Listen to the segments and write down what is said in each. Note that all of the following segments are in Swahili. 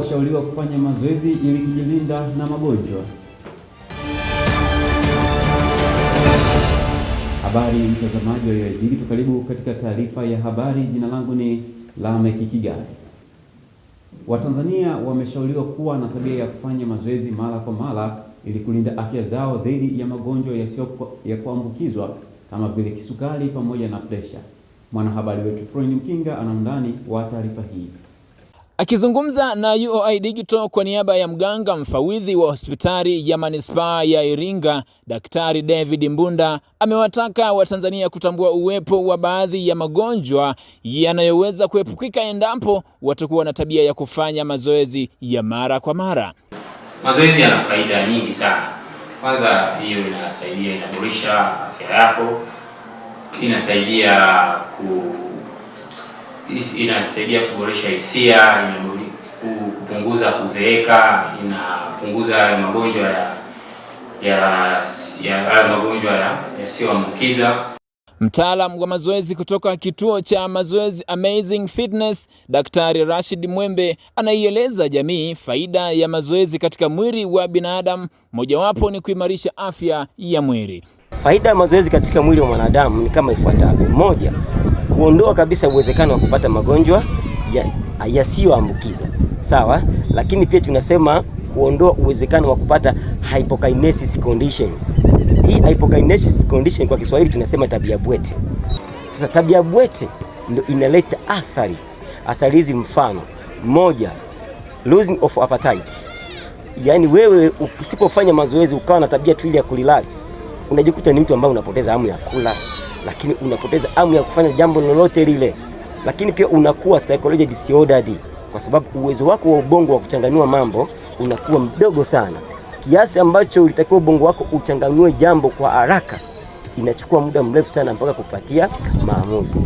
washauriwa kufanya mazoezi ili kujilinda na magonjwa. Habari mtazamaji wa UoI, karibu katika taarifa ya habari. Jina langu ni Lameki Kigali. Watanzania wameshauriwa kuwa na tabia ya kufanya mazoezi mara kwa mara ili kulinda afya zao dhidi ya magonjwa yasiyo ya kuambukizwa kama vile kisukari pamoja na presha. Mwanahabari wetu Froni Mkinga ana undani wa taarifa hii. Akizungumza na UoI Digital kwa niaba ya mganga mfawidhi wa hospitali ya manispaa ya Iringa, Daktari David Mbunda amewataka Watanzania kutambua uwepo wa baadhi ya magonjwa yanayoweza kuepukika endapo watakuwa na tabia ya kufanya mazoezi ya mara kwa mara. Mazoezi yana faida nyingi sana. Kwanza hiyo inasaidia, inaboresha afya yako, inasaidia ku inasaidia kuboresha hisia, kupunguza kuzeeka, inapunguza magonjwa ya ya ya magonjwa ya yasiyoambukiza. Mtaalamu wa mazoezi kutoka kituo cha mazoezi Amazing Fitness, Daktari Rashid Mwembe anaieleza jamii faida ya mazoezi katika mwili wa binadamu, mojawapo ni kuimarisha afya ya mwili. Faida ya mazoezi katika mwili wa mwanadamu ni kama ifuatavyo: moja, kuondoa kabisa uwezekano wa kupata magonjwa yasiyoambukiza ya sawa, lakini pia tunasema kuondoa uwezekano wa kupata hypokinesis conditions. Hii hypokinesis condition kwa Kiswahili tunasema tabia bwete. Sasa tabia bwete ndio inaleta athari. Athari hizi mfano moja, losing of appetite, yaani wewe usipofanya mazoezi ukawa na tabia tu ile ya kurelax, unajikuta ni mtu ambaye unapoteza hamu ya kula lakini unapoteza amu ya kufanya jambo lolote lile, lakini pia unakuwa psychology disordered, kwa sababu uwezo wako wa ubongo wa kuchanganua mambo unakuwa mdogo sana, kiasi ambacho ulitakiwa ubongo wako uchanganue jambo kwa haraka, inachukua muda mrefu sana mpaka kupatia maamuzi.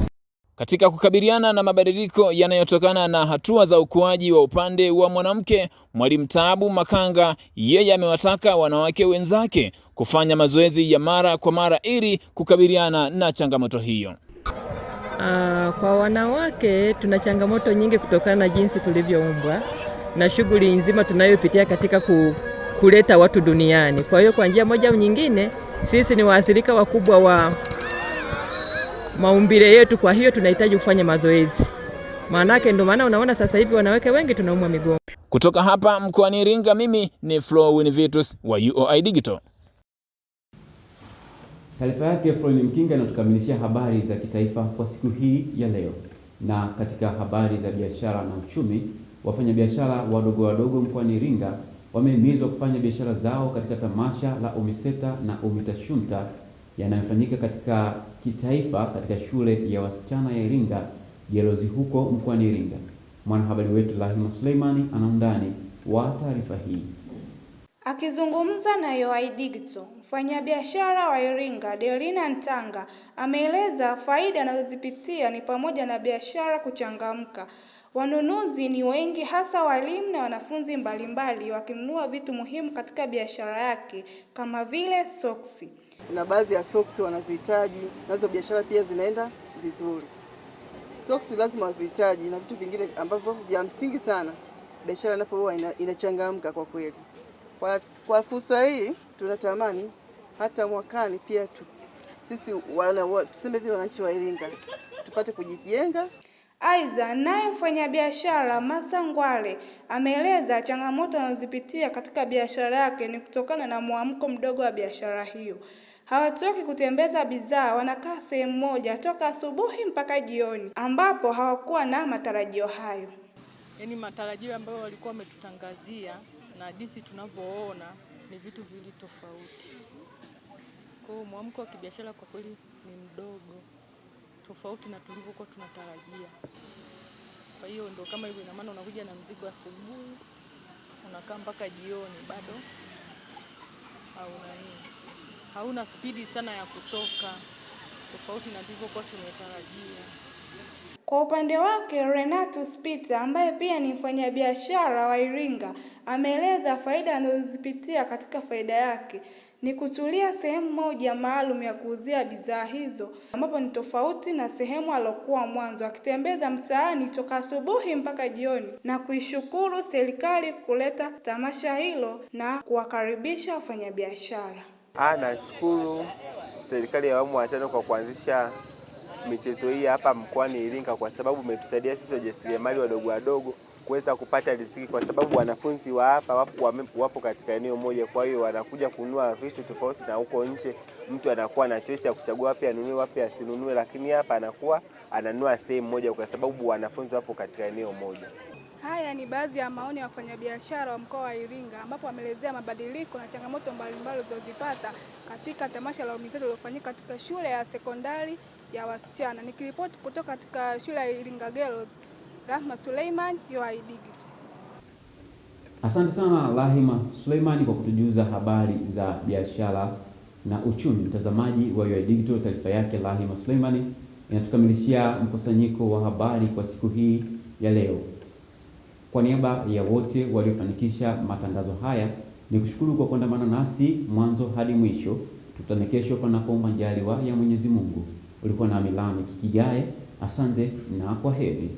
Katika kukabiliana na mabadiliko yanayotokana na hatua za ukuaji wa upande wa mwanamke, Mwalimu Taabu Makanga yeye amewataka wanawake wenzake kufanya mazoezi ya mara kwa mara ili kukabiliana na changamoto hiyo. Aa, ah, kwa wanawake tuna changamoto nyingi kutokana na jinsi tulivyoumbwa na shughuli nzima tunayopitia katika ku, kuleta watu duniani. Kwa hiyo kwa njia moja au nyingine sisi ni waathirika wakubwa wa maumbile yetu. Kwa hiyo tunahitaji kufanya mazoezi, maanake ndio maana unaona sasa hivi wanawake wengi tunaumwa migongo. Kutoka hapa mkoani Iringa, mimi ni Flo Vitus wa UoI Digital. Taarifa yake Florine Mkinga inatukamilishia habari za kitaifa kwa siku hii ya leo. Na katika habari za biashara na uchumi, wafanyabiashara wadogo wadogo mkoani Iringa wamehimizwa kufanya biashara zao katika tamasha la UMISETA na UMITASHUMTA yanayofanyika katika kitaifa katika shule ya wasichana ya Iringa Jelozi huko mkoani Iringa. Mwanahabari wetu Rahima Suleimani anaundani wa taarifa hii. Akizungumza na Yohai Digital, mfanyabiashara wa Iringa Delina Ntanga ameeleza faida anazozipitia ni pamoja na biashara kuchangamka. Wanunuzi ni wengi, hasa walimu na wanafunzi mbalimbali, wakinunua vitu muhimu katika biashara yake kama vile soksi na baadhi ya socks wanazihitaji, nazo biashara pia zinaenda vizuri. Socks lazima wazihitaji na vitu vingine ambavyo vya msingi sana, biashara inapokuwa inachangamka kwa kweli. Kwa, kwa fursa hii tunatamani hata mwakani pia tu, sisi wana, tuseme vile wananchi wa Iringa tupate kujijenga. Aidha, naye mfanyabiashara Masangwale ameeleza changamoto anazopitia katika biashara yake ni kutokana na mwamko mdogo wa biashara hiyo. Hawatoki kutembeza bidhaa, wanakaa sehemu moja toka asubuhi mpaka jioni, ambapo hawakuwa na matarajio hayo. Yaani matarajio ambayo walikuwa wametutangazia na jinsi tunavyoona ni vitu vili tofauti. Kwa hiyo mwamko wa kibiashara kwa kweli ni mdogo tofauti na tulivyokuwa tunatarajia. Kwa hiyo ndio kama hivyo, ina maana unakuja na mzigo asubuhi unakaa mpaka jioni bado hauna nini, hauna spidi sana ya kutoka, tofauti na tulivyokuwa tumetarajia. Kwa upande wake Renatus Peter ambaye pia ni mfanyabiashara wa Iringa ameeleza faida anazozipitia katika faida yake ni kutulia sehemu moja maalum ya kuuzia bidhaa hizo, ambapo ni tofauti na sehemu alokuwa mwanzo, akitembeza mtaani toka asubuhi mpaka jioni, na kuishukuru serikali kuleta tamasha hilo na kuwakaribisha wafanyabiashara. Ah, nashukuru serikali ya awamu ya tano kwa kuanzisha michezo hii hapa mkoani Iringa, kwa sababu umetusaidia sisi wajasiriamali wadogo wadogo kuweza kupata riziki, kwa sababu wanafunzi wa hapa wapo, wapo katika eneo moja, kwa hiyo wanakuja kununua vitu tofauti na huko nje. Mtu anakuwa na choice ya kuchagua wapi anunue, wapi asinunue, lakini hapa anakuwa ananua sehemu moja, kwa sababu wanafunzi wapo katika eneo moja. Haya ni baadhi ya maoni ya wafanyabiashara wa mkoa wa Iringa ambapo wameelezea mabadiliko na changamoto mbalimbali walizozipata katika tamasha la UMIZETU lililofanyika katika shule ya sekondari ya wasichana. Nikiripoti kutoka katika shule ya Iringa Girls. Rahma Suleiman, UoI Digital. Asante sana Rahima Suleiman kwa kutujuza habari za biashara na uchumi. Mtazamaji wa UoI Digital, taarifa yake Rahima Suleiman inatukamilishia mkusanyiko wa habari kwa siku hii ya leo. Kwa niaba ya wote waliofanikisha matangazo haya, ni kushukuru kwa kuandamana nasi mwanzo hadi mwisho. Tutane kesho panapo majaliwa ya Mwenyezi Mungu. Ulikuwa nami Lameck Kigae, asante na kwa heri.